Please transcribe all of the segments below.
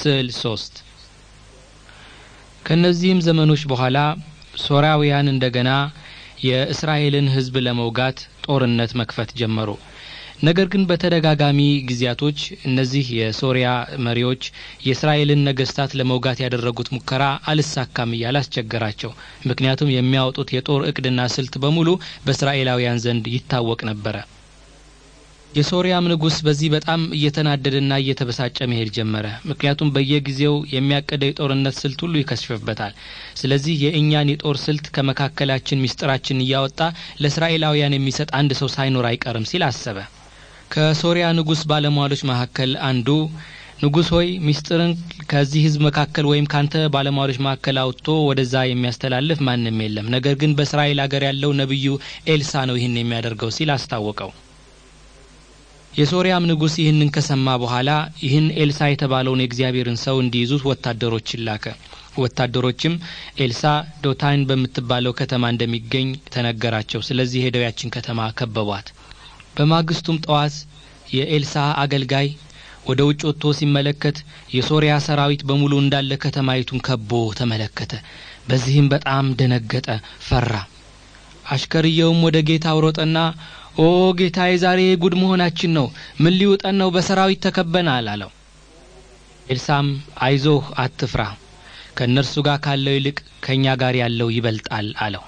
ስዕል ሶስት ከእነዚህም ዘመኖች በኋላ ሶራውያን እንደገና የእስራኤልን ሕዝብ ለመውጋት ጦርነት መክፈት ጀመሩ። ነገር ግን በተደጋጋሚ ጊዜያቶች እነዚህ የሶሪያ መሪዎች የእስራኤልን ነገስታት ለመውጋት ያደረጉት ሙከራ አልሳካም እያለ አስቸገራቸው። ምክንያቱም የሚያወጡት የጦር እቅድና ስልት በሙሉ በእስራኤላውያን ዘንድ ይታወቅ ነበረ። የሶሪያም ንጉስ በዚህ በጣም እየተናደደና እየተበሳጨ መሄድ ጀመረ። ምክንያቱም በየጊዜው የሚያቀደው የጦርነት ስልት ሁሉ ይከሽፍበታል። ስለዚህ የእኛን የጦር ስልት ከመካከላችን ሚስጥራችን እያወጣ ለእስራኤላውያን የሚሰጥ አንድ ሰው ሳይኖር አይቀርም ሲል አሰበ። ከሶሪያ ንጉስ ባለሟሎች መካከል አንዱ ንጉስ ሆይ ሚስጥርን ከዚህ ህዝብ መካከል ወይም ካንተ ባለሟሎች መካከል አውጥቶ ወደዛ የሚያስተላልፍ ማንም የለም፣ ነገር ግን በእስራኤል አገር ያለው ነቢዩ ኤልሳ ነው ይህን የሚያደርገው ሲል አስታወቀው። የሶርያም ንጉሥ ይህንን ከሰማ በኋላ ይህን ኤልሳ የተባለውን የእግዚአብሔርን ሰው እንዲይዙት ወታደሮችን ላከ። ወታደሮችም ኤልሳ ዶታይን በምትባለው ከተማ እንደሚገኝ ተነገራቸው። ስለዚህ ሄደው ያችን ከተማ ከበቧት። በማግስቱም ጠዋት የኤልሳ አገልጋይ ወደ ውጭ ወጥቶ ሲመለከት የሶርያ ሰራዊት በሙሉ እንዳለ ከተማይቱን ከቦ ተመለከተ። በዚህም በጣም ደነገጠ፣ ፈራ። አሽከርየውም ወደ ጌታው ሮጠና ኦ ጌታዬ ዛሬ ጉድ መሆናችን ነው ምን ሊውጠን ነው በሰራዊት ተከበናል አለው ኤልሳም አይዞህ አትፍራ ከእነርሱ ጋር ካለው ይልቅ ከእኛ ጋር ያለው ይበልጣል አለው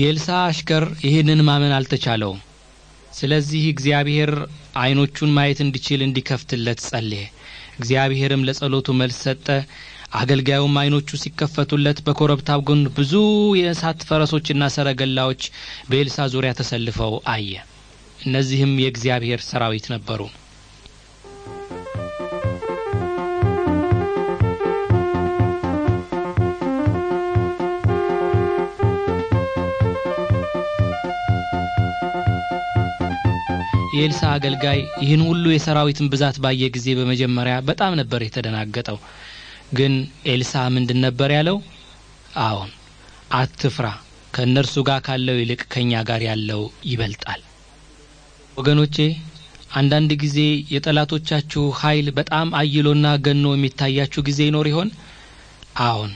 የኤልሳ አሽከር ይህንን ማመን አልተቻለውም ስለዚህ እግዚአብሔር አይኖቹን ማየት እንዲችል እንዲከፍትለት ጸልየ እግዚአብሔርም ለጸሎቱ መልስ ሰጠ አገልጋዩም ዓይኖቹ ሲከፈቱለት በኮረብታው ግን ብዙ የእሳት ፈረሶችና ሰረገላዎች በኤልሳ ዙሪያ ተሰልፈው አየ። እነዚህም የእግዚአብሔር ሰራዊት ነበሩ። የኤልሳ አገልጋይ ይህን ሁሉ የሰራዊትን ብዛት ባየ ጊዜ በመጀመሪያ በጣም ነበር የተደናገጠው። ግን ኤልሳ ምንድን ነበር ያለው? አዎን አትፍራ፣ ከእነርሱ ጋር ካለው ይልቅ ከእኛ ጋር ያለው ይበልጣል። ወገኖቼ አንዳንድ ጊዜ የጠላቶቻችሁ ኃይል በጣም አይሎና ገኖ የሚታያችሁ ጊዜ ይኖር ይሆን? አዎን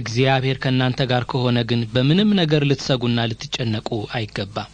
እግዚአብሔር ከእናንተ ጋር ከሆነ ግን በምንም ነገር ልትሰጉና ልትጨነቁ አይገባም።